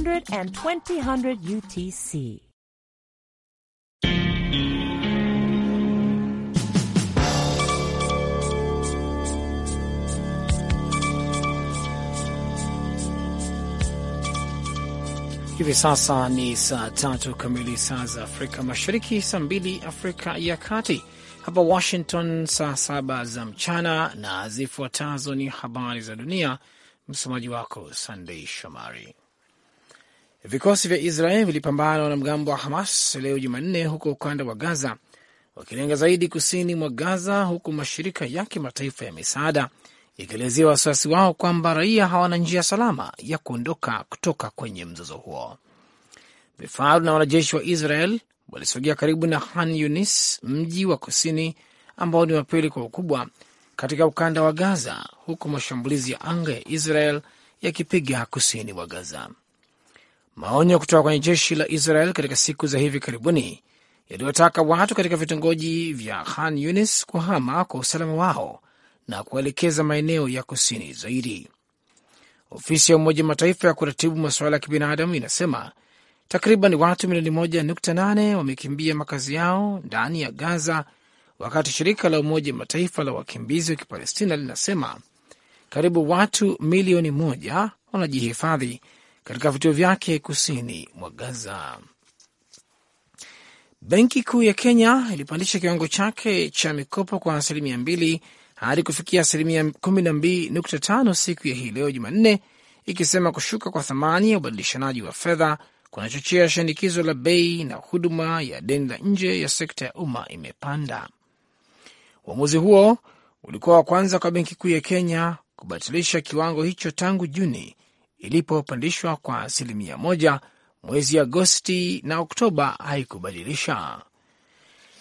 100 and 2000 UTC. Hivi sasa ni saa tatu kamili saa za Afrika Mashariki, saa mbili Afrika ya Kati, hapa Washington saa saba za mchana, na zifuatazo ni habari za dunia. Msomaji wako Sandei Shomari. Vikosi vya Israel vilipambana na wanamgambo wa Hamas leo Jumanne huko ukanda wa Gaza, wakilenga zaidi kusini mwa Gaza, huku mashirika ya kimataifa ya misaada yakielezea wasiwasi wao kwamba raia hawana njia salama ya kuondoka kutoka kwenye mzozo huo. Vifaru na wanajeshi wa Israel walisogea karibu na han Yunis, mji wa kusini ambao ni wa pili kwa ukubwa katika ukanda wa Gaza, huku mashambulizi ya anga ya Israel yakipiga kusini mwa Gaza. Maonyo kutoka kwenye jeshi la Israel katika siku za hivi karibuni yaliyotaka watu katika vitongoji vya Khan Yunis kuhama kwa usalama wao na kuelekeza maeneo ya kusini zaidi. Ofisi ya Umoja Mataifa ya kuratibu masuala ya kibinadamu inasema takriban watu milioni moja nukta nane wamekimbia makazi yao ndani ya Gaza, wakati shirika la Umoja Mataifa la wakimbizi wa Kipalestina linasema karibu watu milioni moja wanajihifadhi katika vituo vyake kusini mwa Gaza. Benki Kuu ya Kenya ilipandisha kiwango chake cha mikopo kwa asilimia mbili hadi kufikia asilimia tano siku ya hii leo Jumanne, ikisema kushuka kwa thamani ya ubadilishanaji wa fedha kunachochea shinikizo la bei na huduma ya deni la nje ya sekta ya umma imepanda. Uamuzi huo ulikuwa wa kwanza kwa benki kuu ya Kenya kubatilisha kiwango hicho tangu Juni, ilipopandishwa kwa asilimia moja mwezi Agosti na Oktoba haikubadilisha.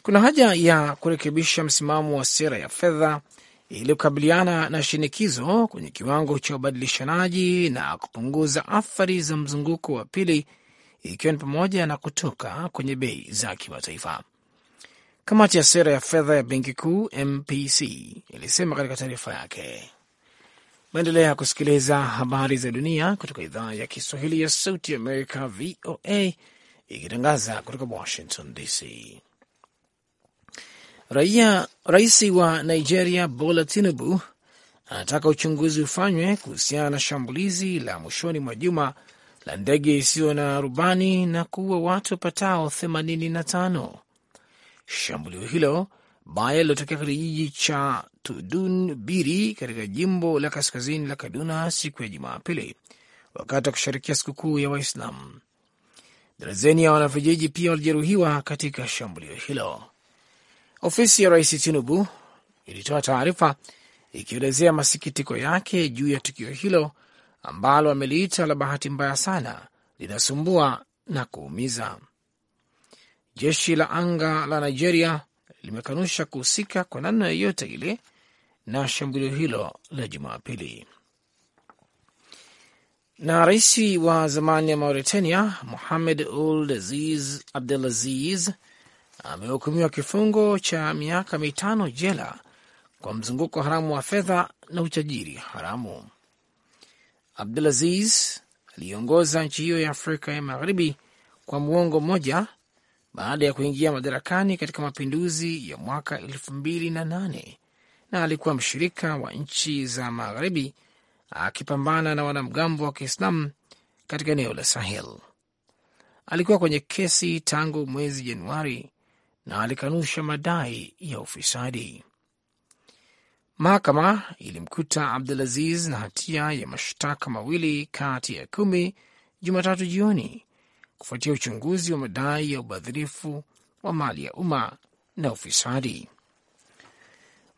Kuna haja ya kurekebisha msimamo wa sera ya fedha ili kukabiliana na shinikizo kwenye kiwango cha ubadilishanaji na kupunguza athari za mzunguko wa pili, ikiwa ni pamoja na kutoka kwenye bei za kimataifa. Kamati ya sera ya fedha ya benki kuu MPC ilisema katika taarifa yake. Maendelea kusikiliza habari za dunia kutoka idhaa ya Kiswahili ya sauti Amerika, VOA, ikitangaza kutoka Washington DC. Raia rais wa Nigeria Bola Tinubu anataka uchunguzi ufanywe kuhusiana na shambulizi la mwishoni mwa juma la ndege isiyo na rubani na kuua watu wapatao 85. Shambulio hilo baya lilotokea katika kijiji cha Tudun Biri katika jimbo la kaskazini la Kaduna siku ya Jumapili wakati wa kushirikia sikukuu ya waislam Darazeni ya wanavijiji pia walijeruhiwa katika shambulio hilo. Ofisi ya Rais Tinubu ilitoa taarifa ikielezea masikitiko yake juu ya tukio hilo ambalo ameliita la bahati mbaya sana, linasumbua na kuumiza. Jeshi la anga la Nigeria limekanusha kuhusika kwa namna yoyote ile na shambulio hilo la Jumapili. Na rais wa zamani ya Mauritania Mohamed Ould Aziz Aziz amehukumiwa kifungo cha miaka mitano jela kwa mzunguko haramu wa fedha na utajiri haramu. abdul aziz aliongoza nchi hiyo ya Afrika ya Magharibi kwa muongo mmoja baada ya kuingia madarakani katika mapinduzi ya mwaka elfu mbili na nane na alikuwa mshirika wa nchi za magharibi akipambana na wanamgambo wa Kiislamu katika eneo la Sahel. Alikuwa kwenye kesi tangu mwezi Januari na alikanusha madai ya ufisadi. Mahakama ilimkuta Abdulaziz na hatia ya mashtaka mawili kati ya kumi Jumatatu jioni kufuatia uchunguzi wa madai ya ubadhirifu wa mali ya umma na ufisadi.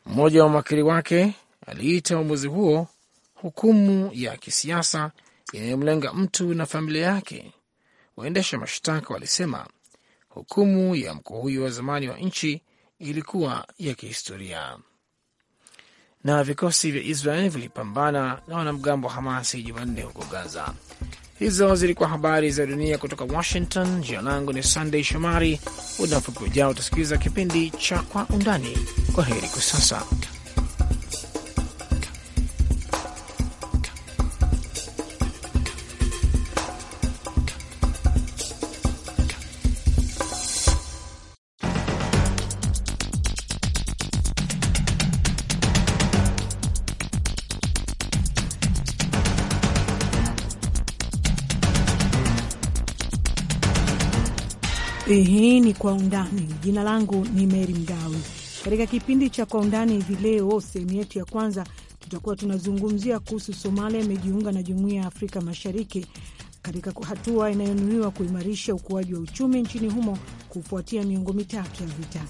Mmoja wa mawakili wake aliita uamuzi huo hukumu ya kisiasa inayomlenga mtu na familia yake. Waendesha mashtaka walisema hukumu ya mkuu huyo wa zamani wa nchi ilikuwa ya kihistoria. Na vikosi vya Israel vilipambana na wanamgambo wa Hamasi Jumanne huko Gaza. Hizo zilikuwa habari za dunia kutoka Washington. Jina langu ni sandey Shomari. Muda mfupi ujao utasikiliza kipindi cha Kwa Undani. Kwa heri kwa sasa. Kwa Undani. Jina langu ni Meri Mgawe. Katika kipindi cha Kwa Undani hivi leo, sehemu yetu ya kwanza, tutakuwa tunazungumzia kuhusu Somalia imejiunga na Jumuiya ya Afrika Mashariki katika hatua inayonuiwa kuimarisha ukuaji wa uchumi nchini humo kufuatia miongo mitatu ya vita.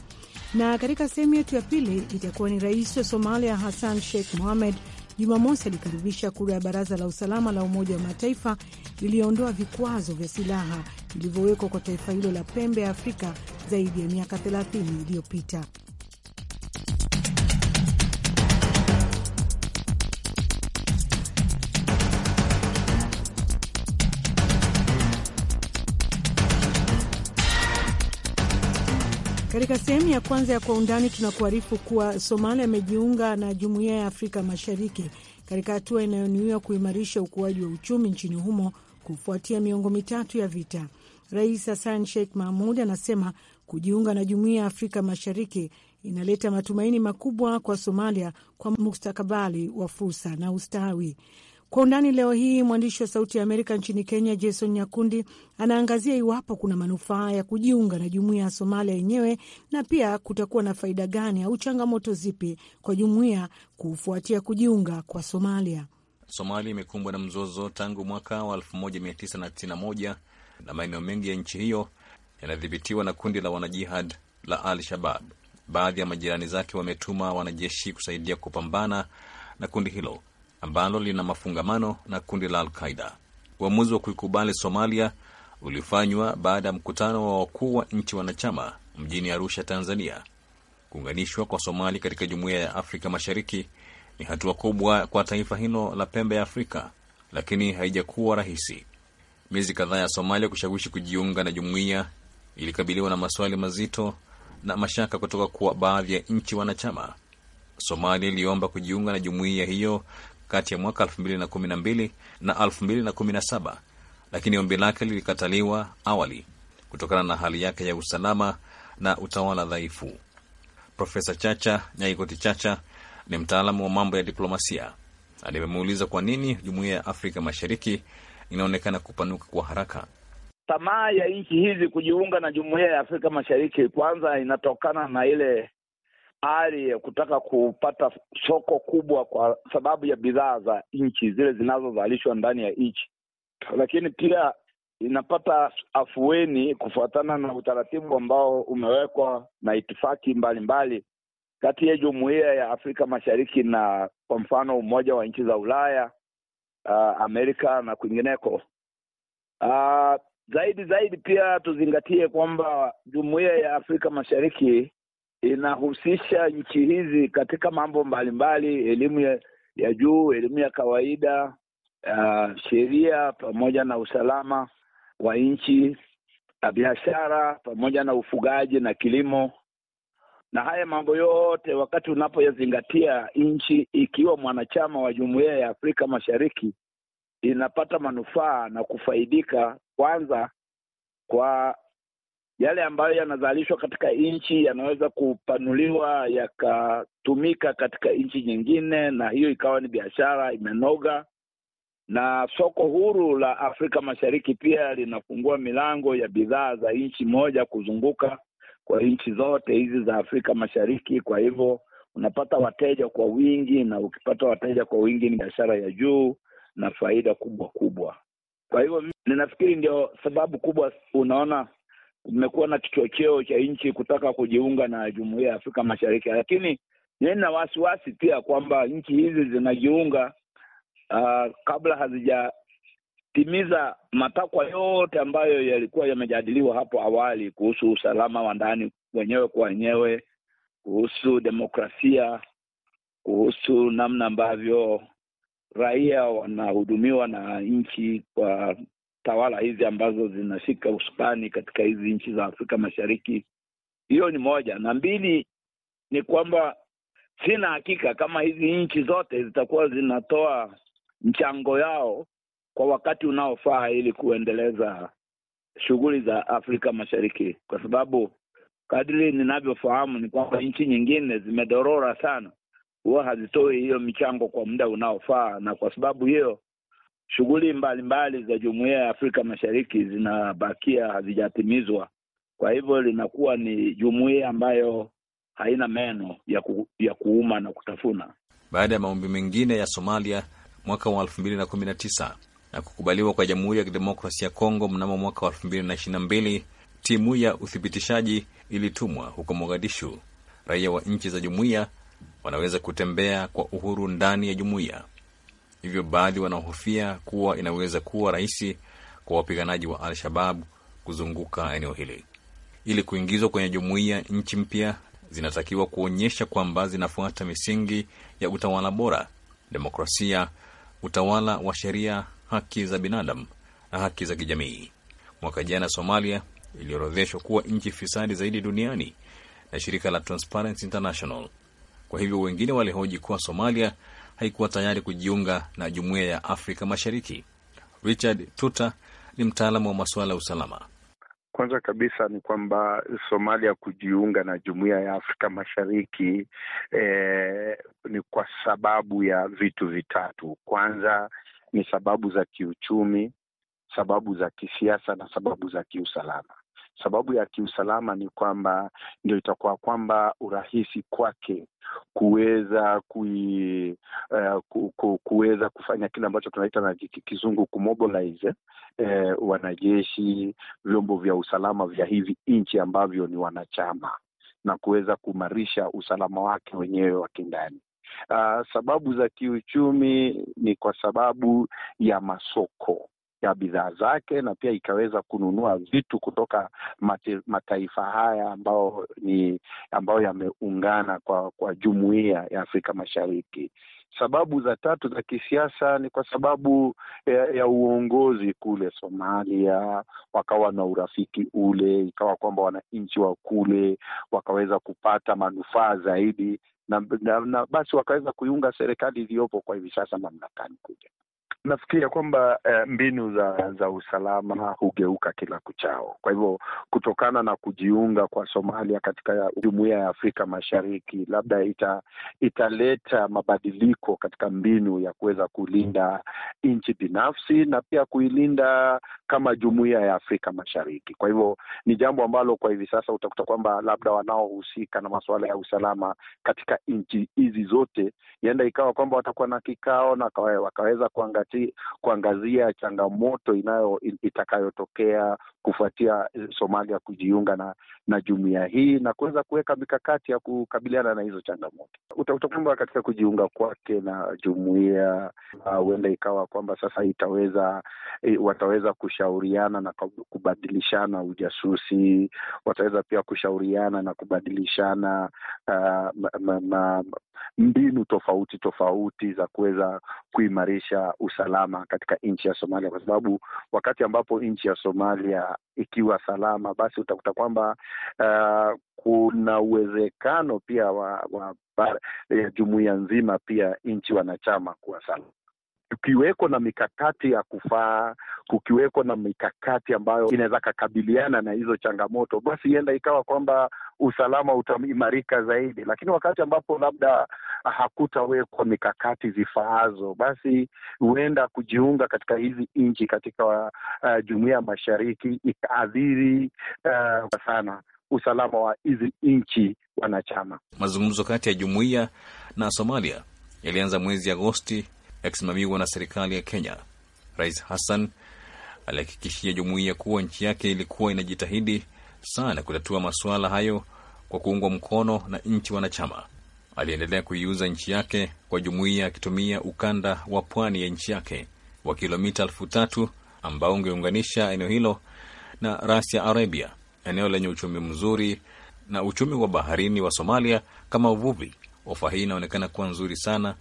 Na katika sehemu yetu ya pili itakuwa ni rais wa Somalia Hassan Sheikh Mohamed Jumamosi alikaribisha kura ya baraza la usalama la Umoja wa Mataifa iliyoondoa vikwazo vya silaha vilivyowekwa kwa taifa hilo la pembe ya Afrika zaidi ya miaka 30 iliyopita. Katika sehemu ya kwanza ya Kwa Undani tunakuarifu kuwa Somalia imejiunga na Jumuiya ya Afrika Mashariki katika hatua inayonuiwa kuimarisha ukuaji wa uchumi nchini humo kufuatia miongo mitatu ya vita. Rais Hassan Sheikh Mahmud anasema kujiunga na Jumuiya ya Afrika Mashariki inaleta matumaini makubwa kwa Somalia kwa mustakabali wa fursa na ustawi. Kwa undani leo hii, mwandishi wa Sauti ya Amerika nchini Kenya, Jason Nyakundi, anaangazia iwapo kuna manufaa ya kujiunga na jumuiya ya Somalia yenyewe na pia kutakuwa na faida gani au changamoto zipi kwa jumuiya kufuatia kujiunga kwa Somalia. Somalia imekumbwa na mzozo tangu mwaka wa 1991 na maeneo mengi ya nchi hiyo yanadhibitiwa na kundi la wanajihad la Al Shabab. Baadhi ya majirani zake wametuma wanajeshi kusaidia kupambana na kundi hilo ambalo lina mafungamano na kundi la Alqaida. Uamuzi wa kuikubali Somalia ulifanywa baada ya mkutano wa wakuu wa nchi wanachama mjini Arusha, Tanzania. Kuunganishwa kwa Somalia katika Jumuiya ya Afrika Mashariki ni hatua kubwa kwa taifa hilo la pembe ya Afrika, lakini haijakuwa rahisi. Miezi kadhaa ya Somalia kushawishi kujiunga na jumuiya ilikabiliwa na maswali mazito na mashaka kutoka kwa baadhi ya nchi wanachama. Somalia iliomba kujiunga na jumuiya hiyo kati ya mwaka 2012 na 2017, lakini ombi lake lilikataliwa awali kutokana na hali yake ya usalama na utawala dhaifu. Profesa Chacha Nyaikoti Chacha ni mtaalamu wa mambo ya diplomasia. alimemuuliza kwa nini jumuiya ya Afrika Mashariki inaonekana kupanuka kwa haraka. Tamaa ya nchi hizi kujiunga na jumuiya ya Afrika Mashariki kwanza inatokana na ile hali ya kutaka kupata soko kubwa kwa sababu ya bidhaa za nchi zile zinazozalishwa ndani ya nchi, lakini pia inapata afueni kufuatana na utaratibu ambao umewekwa na itifaki mbalimbali kati ya jumuiya ya Afrika Mashariki na kwa mfano Umoja wa Nchi za Ulaya, uh, Amerika na kwingineko. Uh, zaidi zaidi pia tuzingatie kwamba jumuiya ya Afrika Mashariki inahusisha nchi hizi katika mambo mbalimbali, elimu ya, ya juu, elimu ya kawaida, uh, sheria pamoja na usalama wa nchi, biashara pamoja na ufugaji na kilimo na haya mambo yote wakati unapoyazingatia, nchi ikiwa mwanachama wa jumuiya ya Afrika Mashariki inapata manufaa na kufaidika kwanza kwa yale ambayo yanazalishwa katika nchi yanaweza kupanuliwa yakatumika katika nchi nyingine, na hiyo ikawa ni biashara imenoga. Na soko huru la Afrika Mashariki pia linafungua milango ya bidhaa za nchi moja kuzunguka kwa nchi zote hizi za Afrika Mashariki. Kwa hivyo unapata wateja kwa wingi, na ukipata wateja kwa wingi ni biashara ya juu na faida kubwa kubwa. Kwa hivyo ninafikiri ndio sababu kubwa unaona mmekuwa na kichocheo cha nchi kutaka kujiunga na jumuiya ya Afrika Mashariki, lakini nina wasiwasi pia kwamba nchi hizi zinajiunga uh, kabla hazijatimiza matakwa yote ambayo yalikuwa yamejadiliwa hapo awali kuhusu usalama wa ndani wenyewe kwa wenyewe, kuhusu demokrasia, kuhusu namna ambavyo raia wanahudumiwa na nchi kwa tawala hizi ambazo zinashika usukani katika hizi nchi za Afrika Mashariki. Hiyo ni moja, na mbili ni kwamba sina hakika kama hizi nchi zote zitakuwa zinatoa mchango yao kwa wakati unaofaa ili kuendeleza shughuli za Afrika Mashariki, kwa sababu kadri ninavyofahamu ni kwamba nchi nyingine zimedorora sana, huwa hazitoi hiyo michango kwa muda unaofaa, na kwa sababu hiyo shughuli mbalimbali za Jumuiya ya Afrika Mashariki zinabakia hazijatimizwa. Kwa hivyo linakuwa ni jumuiya ambayo haina meno ya, ku, ya kuuma na kutafuna. Baada ya maombi mengine ya Somalia mwaka wa elfu mbili na kumi na tisa na kukubaliwa kwa Jamhuri ya kidemokrasi ya Kongo mnamo mwaka wa elfu mbili na ishirini na mbili timu ya uthibitishaji ilitumwa huko Mogadishu. Raia wa nchi za jumuiya wanaweza kutembea kwa uhuru ndani ya jumuiya hivyo baadhi wanahofia kuwa inaweza kuwa rahisi kwa wapiganaji wa Al-Shabab kuzunguka eneo hili. Ili kuingizwa kwenye jumuiya, nchi mpya zinatakiwa kuonyesha kwamba zinafuata misingi ya utawala bora, demokrasia, utawala wa sheria, haki za binadamu na haki za kijamii. Mwaka jana Somalia iliorodheshwa kuwa nchi fisadi zaidi duniani na shirika la Transparency International. Kwa hivyo wengine walihoji kuwa Somalia haikuwa tayari kujiunga na jumuiya ya Afrika Mashariki. Richard Tuta ni mtaalamu wa masuala ya usalama. Kwanza kabisa ni kwamba Somalia kujiunga na jumuiya ya Afrika Mashariki eh, ni kwa sababu ya vitu vitatu. Kwanza ni sababu za kiuchumi, sababu za kisiasa na sababu za kiusalama. Sababu ya kiusalama ni kwamba ndio itakuwa kwamba urahisi kwake kuweza kui uh, ku, ku, kuweza kufanya kile ambacho tunaita na kizungu kumobilize eh, wanajeshi, vyombo vya usalama vya hivi nchi ambavyo ni wanachama na kuweza kuimarisha usalama wake wenyewe wa kindani. Uh, sababu za kiuchumi ni kwa sababu ya masoko ya bidhaa zake na pia ikaweza kununua vitu kutoka mati, mataifa haya ambayo ni ambayo yameungana kwa, kwa jumuiya ya Afrika Mashariki. Sababu za tatu za kisiasa ni kwa sababu ya, eh, ya uongozi kule Somalia, wakawa na urafiki ule, ikawa kwamba wananchi wa kule wakaweza kupata manufaa zaidi na, na, na basi wakaweza kuiunga serikali iliyopo kwa hivi sasa mamlakani kule. Nafikiria kwamba eh, mbinu za za usalama hugeuka kila kuchao. Kwa hivyo kutokana na kujiunga kwa Somalia katika jumuiya ya Afrika Mashariki, labda ita, italeta mabadiliko katika mbinu ya kuweza kulinda nchi binafsi na pia kuilinda kama jumuiya ya Afrika Mashariki. Kwa hivyo ni jambo ambalo kwa hivi sasa utakuta kwamba labda wanaohusika na masuala ya usalama katika nchi hizi zote, yenda ikawa kwamba watakuwa na kikao na wakaweza kuangalia mikakati kuangazia changamoto inayo itakayotokea kufuatia eh, Somalia kujiunga na na jumuia hii na kuweza kuweka mikakati ya kukabiliana na hizo changamoto. Utakuta kwamba katika kujiunga kwake na jumuia ah, huenda uh, ikawa kwamba sasa itaweza eh, wataweza kushauriana na kubadilishana ujasusi, wataweza pia kushauriana na kubadilishana uh, ma, ma, ma, mbinu tofauti tofauti za kuweza kuimarisha usa salama katika nchi ya Somalia, kwa sababu wakati ambapo nchi ya Somalia ikiwa salama, basi utakuta kwamba uh, kuna uwezekano pia wa, wa ya jumuiya nzima pia nchi wanachama kuwa salama kukiweko na mikakati ya kufaa, kukiweko na mikakati ambayo inaweza kakabiliana na hizo changamoto, basi ienda ikawa kwamba usalama utaimarika zaidi. Lakini wakati ambapo labda hakutawekwa mikakati zifaazo, basi huenda kujiunga katika hizi nchi katika uh, jumuiya ya mashariki ikaadhiri uh, sana usalama wa hizi nchi wanachama. Mazungumzo kati ya jumuiya na Somalia yalianza mwezi Agosti yakisimamiwa na serikali ya Kenya. Rais Hassan alihakikishia jumuiya kuwa nchi yake ilikuwa inajitahidi sana kutatua masuala hayo kwa kuungwa mkono na nchi wanachama. Aliendelea kuiuza nchi yake kwa jumuiya akitumia ukanda wa pwani ya nchi yake wa kilomita elfu tatu ambao ungeunganisha eneo hilo na rasi ya Arabia, eneo lenye uchumi mzuri na uchumi wa baharini wa Somalia kama uvuvi. Ofa hii inaonekana kuwa nzuri sana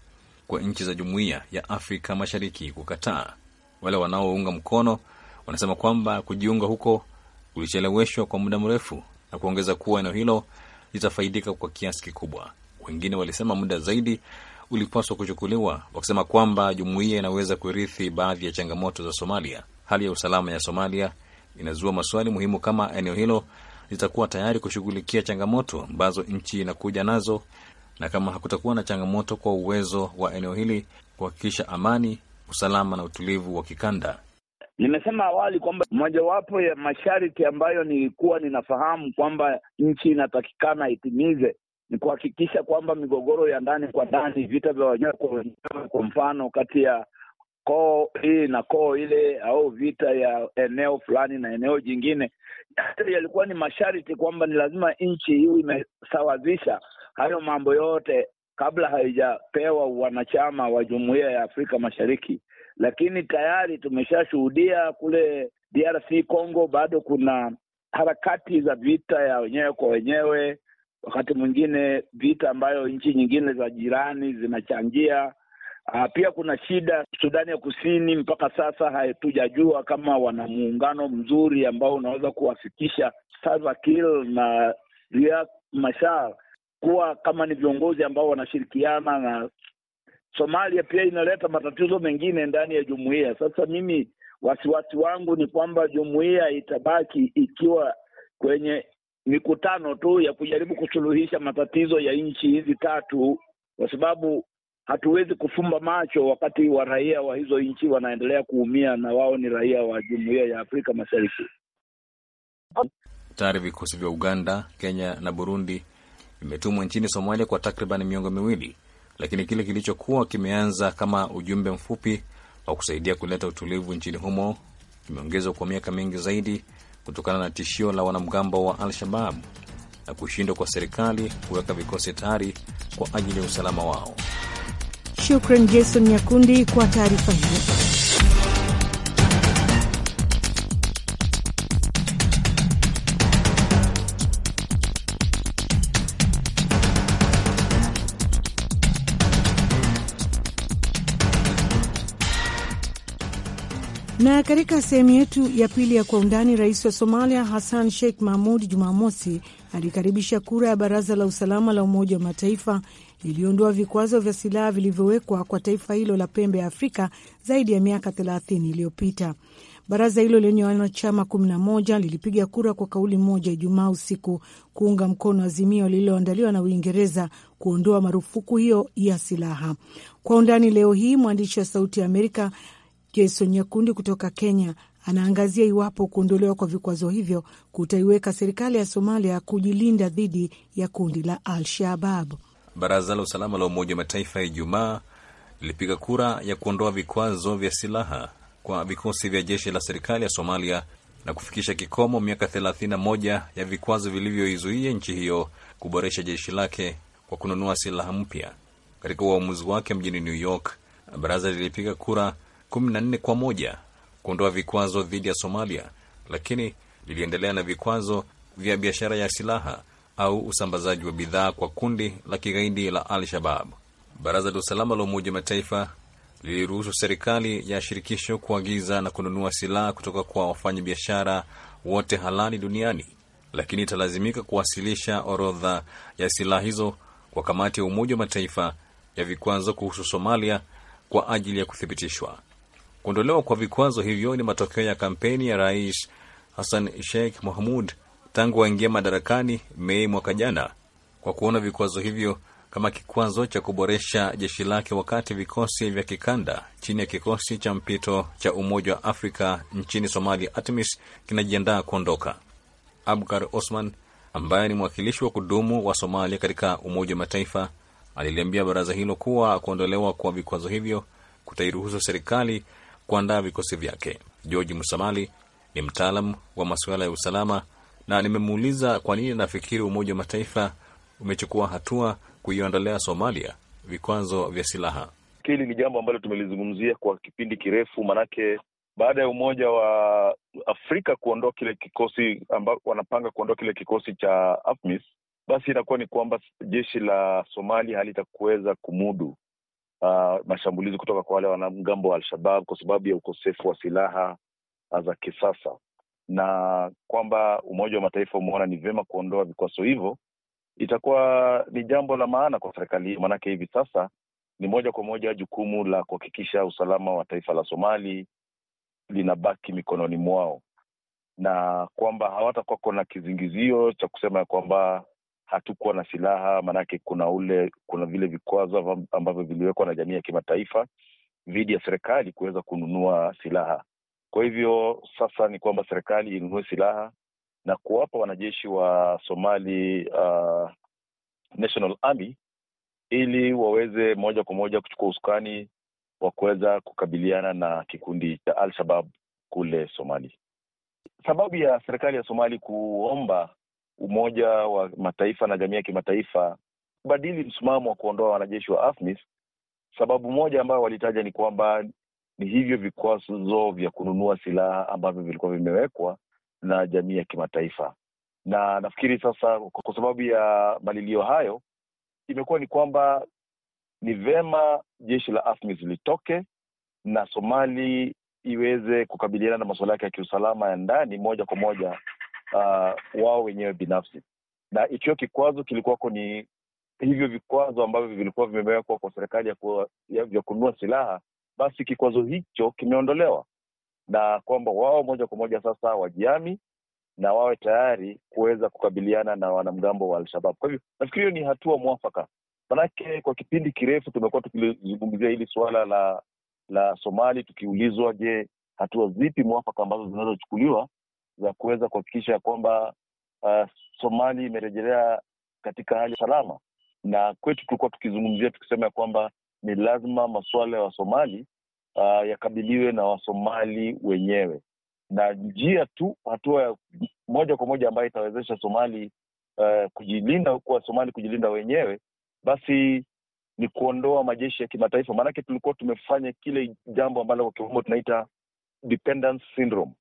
kwa nchi za Jumuiya ya Afrika Mashariki kukataa. Wale wanaounga mkono wanasema kwamba kujiunga huko kulicheleweshwa kwa muda mrefu na kuongeza kuwa eneo hilo litafaidika kwa kiasi kikubwa. Wengine walisema muda zaidi ulipaswa kuchukuliwa, wakisema kwamba jumuiya inaweza kurithi baadhi ya changamoto za Somalia. Hali ya usalama ya Somalia inazua maswali muhimu kama eneo hilo litakuwa tayari kushughulikia changamoto ambazo nchi inakuja nazo na kama hakutakuwa na changamoto kwa uwezo wa eneo hili kuhakikisha amani, usalama na utulivu wa kikanda. Nimesema awali kwamba mojawapo ya masharti ambayo nilikuwa ninafahamu kwamba nchi inatakikana itimize ni kuhakikisha kwamba migogoro ya ndani kwa ndani, vita vya wenyewe kwa wenyewe, kwa mfano kati ya koo hii na koo ile, au vita ya eneo fulani na eneo jingine, yalikuwa ni masharti kwamba ni lazima nchi hiyo imesawazisha hayo mambo yote kabla haijapewa wanachama wa jumuiya ya Afrika Mashariki, lakini tayari tumeshashuhudia kule DRC Congo, bado kuna harakati za vita ya wenyewe kwa wenyewe, wakati mwingine vita ambayo nchi nyingine za jirani zinachangia. Aa, ah, pia kuna shida Sudani ya Kusini, mpaka sasa hatujajua kama wana muungano mzuri ambao unaweza kuwafikisha Salva Kiir na Riek Machar kuwa kama ni viongozi ambao wanashirikiana na Somalia pia inaleta matatizo mengine ndani ya jumuiya. Sasa mimi wasiwasi wangu ni kwamba jumuiya itabaki ikiwa kwenye mikutano tu ya kujaribu kusuluhisha matatizo ya nchi hizi tatu, kwa sababu hatuwezi kufumba macho wakati wa raia wa hizo nchi wanaendelea kuumia, na wao ni raia wa jumuiya ya Afrika Mashariki. Tayari vikosi vya Uganda, Kenya na Burundi vimetumwa nchini Somalia kwa takriban miongo miwili, lakini kile kilichokuwa kimeanza kama ujumbe mfupi wa kusaidia kuleta utulivu nchini humo kimeongezwa kwa miaka mingi zaidi kutokana na tishio la wanamgambo wa Al-Shabab na kushindwa kwa serikali kuweka vikosi tayari kwa ajili ya usalama wao. Shukran Jason Nyakundi kwa taarifa hiyo. Na katika sehemu yetu ya pili ya Kwa Undani, rais wa Somalia Hassan Sheikh Mahmud Jumamosi alikaribisha kura ya Baraza la Usalama la Umoja wa Mataifa iliyoondoa vikwazo vya silaha vilivyowekwa kwa taifa hilo la pembe ya Afrika zaidi ya miaka 30 iliyopita. Baraza hilo lenye wanachama 11 lilipiga kura kwa kauli moja Ijumaa usiku kuunga mkono azimio lililoandaliwa na Uingereza kuondoa marufuku hiyo ya silaha. Kwa undani leo hii, mwandishi wa Sauti ya Amerika Jason Nyakundi kutoka Kenya anaangazia iwapo kuondolewa kwa vikwazo hivyo kutaiweka serikali ya Somalia kujilinda dhidi ya kundi la Al-Shabab. Baraza la Usalama la Umoja wa Mataifa Ijumaa lilipiga kura ya kuondoa vikwazo vya silaha kwa vikosi vya jeshi la serikali ya Somalia na kufikisha kikomo miaka 31 ya vikwazo vilivyoizuia nchi hiyo kuboresha jeshi lake kwa kununua silaha mpya. Katika uamuzi wake mjini New York, baraza lilipiga kura 14 kwa moja kuondoa vikwazo dhidi ya Somalia, lakini liliendelea na vikwazo vya biashara ya silaha au usambazaji wa bidhaa kwa kundi la kigaidi la Al-Shabab. Baraza la Usalama la Umoja wa Mataifa liliruhusu serikali ya shirikisho kuagiza na kununua silaha kutoka kwa wafanyabiashara wote halali duniani, lakini italazimika kuwasilisha orodha ya silaha hizo kwa kamati ya Umoja wa Mataifa ya vikwazo kuhusu Somalia kwa ajili ya kuthibitishwa. Kuondolewa kwa vikwazo hivyo ni matokeo ya kampeni ya Rais Hassan Sheikh Mohamud tangu waingia madarakani Mei mwaka jana, kwa kuona vikwazo hivyo kama kikwazo cha kuboresha jeshi lake, wakati vikosi vya kikanda chini ya kikosi cha mpito cha Umoja wa Afrika nchini Somalia, ATMIS, kinajiandaa kuondoka. Abgar Osman ambaye ni mwakilishi wa kudumu wa Somalia katika Umoja wa Mataifa aliliambia baraza hilo kuwa kuondolewa kwa vikwazo hivyo kutairuhusu serikali kuandaa vikosi vyake. George Musamali ni mtaalam wa masuala ya usalama na nimemuuliza kwa nini nafikiri Umoja wa Mataifa umechukua hatua kuiondolea Somalia vikwazo vya silaha. Hili ni jambo ambalo tumelizungumzia kwa kipindi kirefu, manake baada ya Umoja wa Afrika kuondoa kile kikosi ambao wanapanga kuondoa kile kikosi cha AFMIS, basi inakuwa ni kwamba jeshi la Somalia halitakuweza kumudu uh, mashambulizi kutoka kwa wale wanamgambo wa Al-Shabab kwa sababu ya ukosefu wa silaha uh, za kisasa, na kwamba Umoja wa Mataifa umeona ni vyema kuondoa vikwazo hivyo, itakuwa ni jambo la maana kwa serikali hii, maanake hivi sasa ni moja kwa moja jukumu la kuhakikisha usalama wa taifa la Somali linabaki mikononi mwao, na kwamba hawatakuwako na kizingizio cha kusema ya kwamba hatukuwa na silaha, maanake kuna ule kuna vile vikwazo ambavyo viliwekwa na jamii ya kimataifa dhidi ya serikali kuweza kununua silaha. Kwa hivyo sasa ni kwamba serikali inunue silaha na kuwapa wanajeshi wa Somali uh, National Army ili waweze moja kwa moja kuchukua usukani wa kuweza kukabiliana na kikundi cha Al-Shabab kule Somali. Sababu ya serikali ya Somali kuomba Umoja wa Mataifa na jamii ya kimataifa kubadili msimamo wa kuondoa wanajeshi wa AFMIS. Sababu moja ambayo walitaja ni kwamba ni hivyo vikwazo vya kununua silaha ambavyo vilikuwa vimewekwa na jamii ya kimataifa, na nafikiri sasa, kwa sababu ya malilio hayo, imekuwa ni kwamba ni vema jeshi la AFMIS litoke na Somali iweze kukabiliana na masuala yake ya kiusalama ya ndani moja kwa moja uh, wao wenyewe binafsi, na ikiwa kikwazo kilikuwako ni hivyo vikwazo ambavyo vilikuwa vimewekwa kwa serikali ya, ya vya kununua silaha, basi kikwazo hicho kimeondolewa na kwamba wao moja kwa moja sasa wajiami na wawe tayari kuweza kukabiliana na wanamgambo wa Alshabab. Kwa hivyo nafikiri hiyo ni hatua mwafaka, manake kwa kipindi kirefu tumekuwa tukilizungumzia hili suala la la Somali tukiulizwa, je, hatua zipi mwafaka ambazo zinazochukuliwa za kuweza kuhakikisha kwamba uh, Somali imerejelea katika hali salama. Na kwetu tulikuwa tukizungumzia tukisema ya kwamba ni lazima masuala ya Wasomali uh, yakabiliwe na Wasomali wenyewe, na njia tu, hatua ya moja kwa moja ambayo itawezesha Somali uh, kujilinda, kwa Somali kujilinda wenyewe, basi ni kuondoa majeshi ya kimataifa. Maanake tulikuwa tumefanya kile jambo ambalo kwa kimombo tunaita dependence syndrome,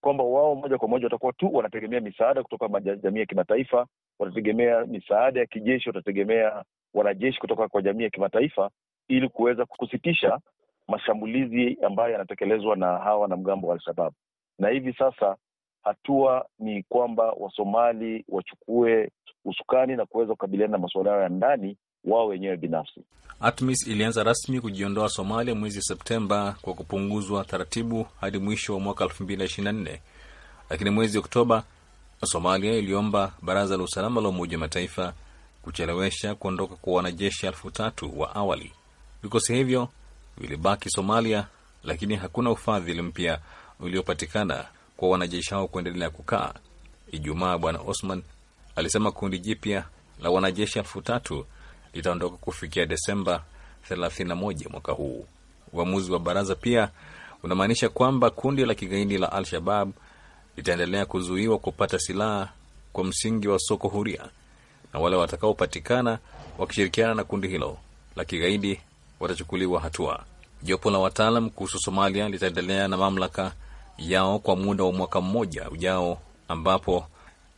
kwamba wao moja kwa moja watakuwa tu wanategemea misaada kutoka jamii ya kimataifa, watategemea misaada ya kijeshi, watategemea wanajeshi kutoka kwa jamii ya kimataifa ili kuweza kusitisha mashambulizi ambayo yanatekelezwa na hawa wanamgambo wa Al-Shabab. Na hivi sasa hatua ni kwamba Wasomali wachukue usukani na kuweza kukabiliana na masuala yao ya ndani wao wenyewe binafsi. ATMIS ilianza rasmi kujiondoa Somalia mwezi Septemba kwa kupunguzwa taratibu hadi mwisho wa mwaka 2024, lakini mwezi Oktoba Somalia iliomba Baraza la Usalama la Umoja wa Mataifa kuchelewesha kuondoka kwa wanajeshi elfu tatu wa awali. Vikosi hivyo vilibaki Somalia, lakini hakuna ufadhili mpya uliopatikana kwa wanajeshi hao kuendelea kukaa. Ijumaa, Bwana Osman alisema kundi jipya la wanajeshi elfu tatu litaondoka kufikia Desemba 31 mwaka huu. Uamuzi wa baraza pia unamaanisha kwamba kundi la kigaidi la Al-Shabab litaendelea kuzuiwa kupata silaha kwa msingi wa soko huria, na wale watakaopatikana wakishirikiana na kundi hilo la kigaidi watachukuliwa hatua. Jopo la wataalam kuhusu Somalia litaendelea na mamlaka yao kwa muda wa mwaka mmoja ujao, ambapo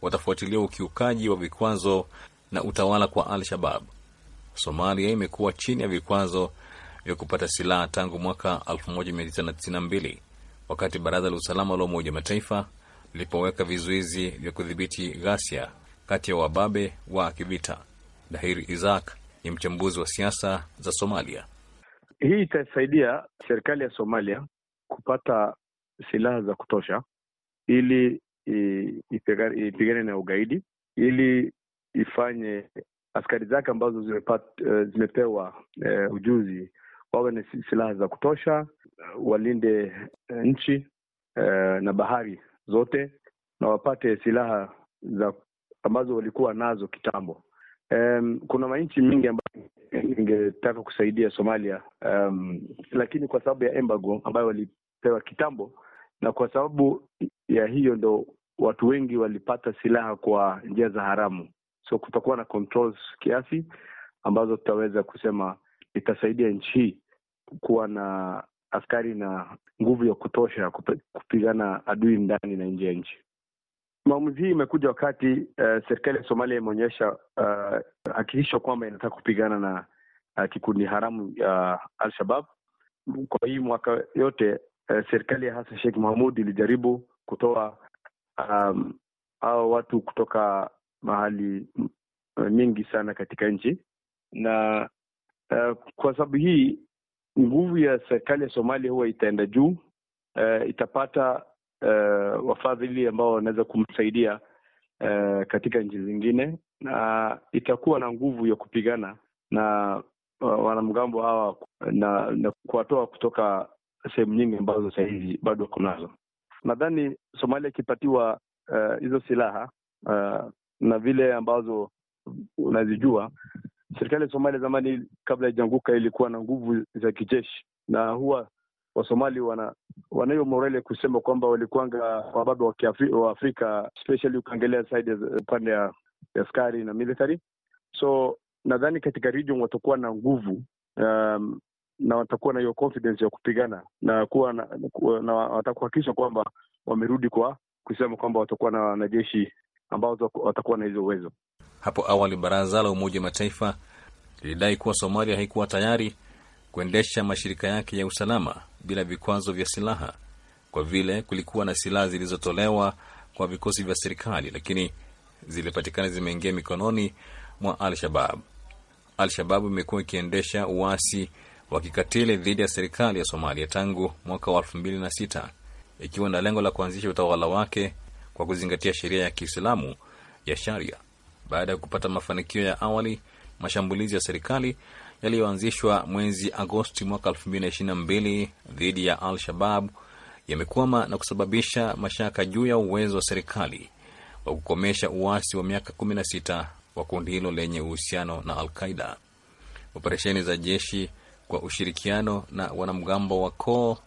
watafuatilia ukiukaji wa vikwazo na utawala kwa Al-Shabab. Somalia imekuwa chini ya vikwazo vya kupata silaha tangu mwaka 1992 wakati Baraza la Usalama la Umoja Mataifa lilipoweka vizuizi vya kudhibiti ghasia kati ya wababe wa kivita. Dahir Isaac ni mchambuzi wa siasa za Somalia. Hii itasaidia serikali ya Somalia kupata silaha za kutosha ili ipigane na ugaidi, ili ifanye askari zake ambazo eh, zimepewa eh, ujuzi wawe na silaha za kutosha, eh, walinde eh, nchi eh, na bahari zote na wapate silaha za ambazo walikuwa nazo kitambo. Um, kuna manchi mingi ambayo ingetaka kusaidia Somalia um, lakini kwa sababu ya embargo ambayo walipewa kitambo na kwa sababu ya hiyo ndo watu wengi walipata silaha kwa njia za haramu. So kutakuwa na controls kiasi ambazo tutaweza kusema itasaidia nchi hii kuwa na askari na nguvu ya kutosha kupigana adui ndani na nje ya nchi. Maamuzi hii imekuja wakati uh, serikali ya Somalia imeonyesha uh, hakikisho kwamba inataka kupigana na uh, kikundi haramu ya uh, Al-Shabab. Kwa hii mwaka yote uh, serikali ya Hassan Sheikh Mahmud ilijaribu kutoa um, hao watu kutoka mahali eh, mingi sana katika nchi na uh, kwa sababu hii nguvu ya serikali ya Somalia huwa itaenda juu. Uh, itapata uh, wafadhili ambao wanaweza kumsaidia uh, katika nchi zingine, na itakuwa na nguvu ya kupigana na uh, wanamgambo hawa na, na kuwatoa kutoka sehemu nyingi ambazo sahizi bado wako nazo. Nadhani Somalia ikipatiwa hizo uh, silaha uh, na vile ambazo unazijua, serikali ya Somalia zamani kabla ijaanguka ilikuwa na nguvu za kijeshi, na huwa Wasomali wana wanayo morele kusema kwamba walikuanga wababe wa, wa Afrika, especially ukiangalia side upande ya askari na military. So nadhani katika region watakuwa na nguvu um, na watakuwa na hiyo confidence ya kupigana na kuwa na, na watakuhakikisha kwamba wamerudi kwa kusema kwamba watakuwa na wanajeshi ambao watakuwa na hizo uwezo. Hapo awali baraza la Umoja wa Mataifa lilidai kuwa Somalia haikuwa tayari kuendesha mashirika yake ya usalama bila vikwazo vya silaha kwa vile kulikuwa na silaha zilizotolewa kwa vikosi vya serikali, lakini zilipatikana zimeingia mikononi mwa Al-Shabab. Al-Shabab imekuwa ikiendesha uasi wa kikatili dhidi ya serikali ya Somalia tangu mwaka wa elfu mbili na sita ikiwa na lengo la kuanzisha utawala wake kwa kuzingatia sheria ya Kiislamu ya Sharia. Baada ya kupata mafanikio ya awali, mashambulizi ya serikali yaliyoanzishwa mwezi Agosti mwaka 2022 dhidi ya Al-Shabab yamekwama na kusababisha mashaka juu ya uwezo wa serikali wa kukomesha uasi wa miaka 16 wa kundi hilo lenye uhusiano na Al-Qaida. Operesheni za jeshi kwa ushirikiano na wanamgambo wa koo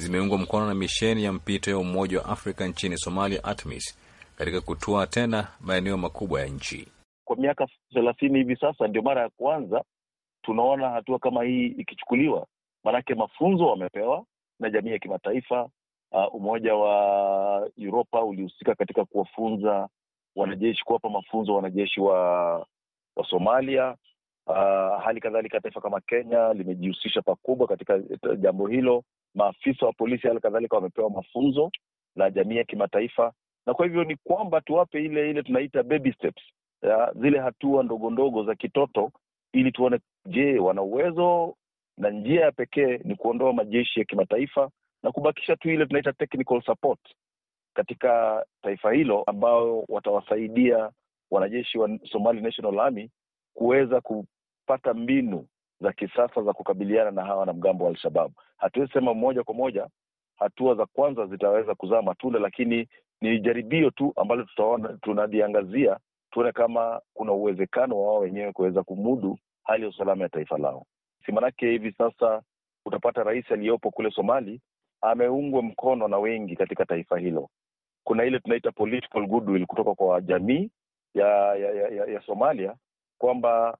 zimeungwa mkono na misheni ya mpito ya Umoja wa Afrika nchini Somalia, ATMIS, katika kutua tena maeneo makubwa ya nchi. Kwa miaka thelathini hivi sasa ndio mara ya kwanza tunaona hatua kama hii ikichukuliwa, maanake mafunzo wamepewa na jamii ya kimataifa. Uh, Umoja wa Uropa ulihusika katika kuwafunza wanajeshi, kuwapa mafunzo wanajeshi wa, wa Somalia. Uh, hali kadhalika taifa kama Kenya limejihusisha pakubwa katika jambo hilo. Maafisa wa polisi hali kadhalika wamepewa mafunzo na jamii ya kimataifa, na kwa hivyo ni kwamba tuwape ile ile tunaita baby steps, ya, zile hatua ndogo ndogo za kitoto, ili tuone, je, wana uwezo na njia ya pekee ni kuondoa majeshi ya kimataifa na kubakisha tu ile tunaita technical support katika taifa hilo, ambao watawasaidia wanajeshi wa Somali National Army kuweza kupata mbinu za kisasa za kukabiliana na hawa wanamgambo wa Al-Shabaab. Hatuwezi sema moja kwa moja hatua za kwanza zitaweza kuzaa matunda, lakini ni jaribio tu ambalo tutaona, tunaliangazia tuone kama kuna uwezekano wa wao wenyewe kuweza kumudu hali ya usalama ya taifa lao. Si manake hivi sasa utapata rais aliyopo kule Somali ameungwa mkono na wengi katika taifa hilo. Kuna ile tunaita political goodwill kutoka kwa jamii ya, ya, ya, ya Somalia kwamba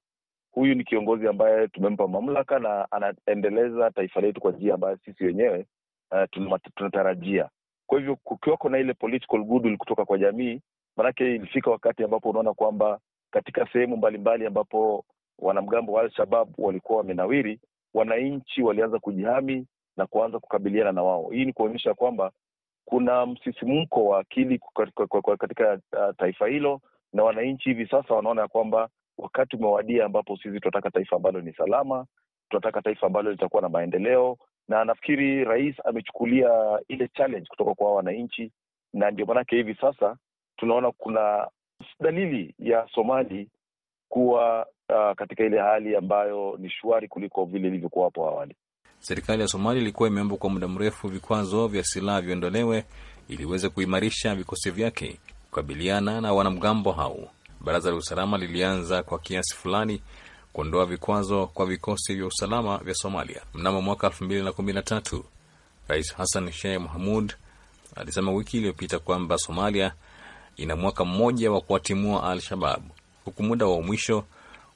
huyu ni kiongozi ambaye tumempa mamlaka na anaendeleza taifa letu kwa njia ambayo sisi wenyewe uh, tunatarajia. Kwa hivyo kukiwako na ile political goodwill kutoka kwa jamii, maanake ilifika wakati ambapo unaona kwamba katika sehemu mbalimbali ambapo wanamgambo wa Al-Shabab walikuwa wamenawiri, wananchi walianza kujihami na kuanza kukabiliana na wao. Hii ni kuonyesha kwamba kuna msisimko wa akili katika, ah, taifa hilo na wananchi hivi sasa wanaona ya kwamba wakati umewadia ambapo sisi tunataka taifa ambalo ni salama, tunataka taifa ambalo litakuwa na maendeleo, na nafikiri rais amechukulia ile challenge kutoka kwa wananchi, na ndio maanake hivi sasa tunaona kuna dalili ya Somali kuwa uh, katika ile hali ambayo ni shwari kuliko vile ilivyokuwa hapo awali. Serikali ya Somalia ilikuwa imeomba kwa muda mrefu vikwazo vya silaha viondolewe ili iweze kuimarisha vikosi vyake kukabiliana na wanamgambo hao. Baraza la Usalama lilianza kwa kiasi fulani kuondoa vikwazo kwa vikosi vya usalama vya Somalia mnamo mwaka elfu mbili na kumi na tatu. Rais Hassan sheh mahmud alisema wiki iliyopita kwamba Somalia ina mwaka mmoja wa kuwatimua Al-Shabab, huku muda wa mwisho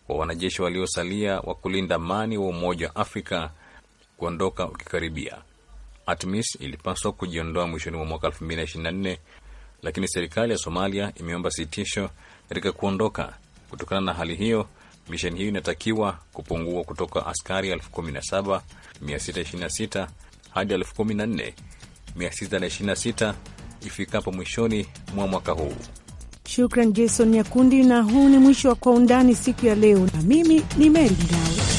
wa wanajeshi waliosalia wa kulinda mani wa Umoja wa Afrika kuondoka ukikaribia. ATMIS ilipaswa kujiondoa mwishoni mwa mwaka 2024 lakini serikali ya Somalia imeomba sitisho katika kuondoka. Kutokana na hali hiyo, misheni hiyo inatakiwa kupungua kutoka askari 17626 hadi 14626 ifikapo mwishoni mwa mwaka huu. Shukran Jason Nyakundi, na huu ni mwisho wa Kwa Undani siku ya leo, na mimi ni Meri Mgawe.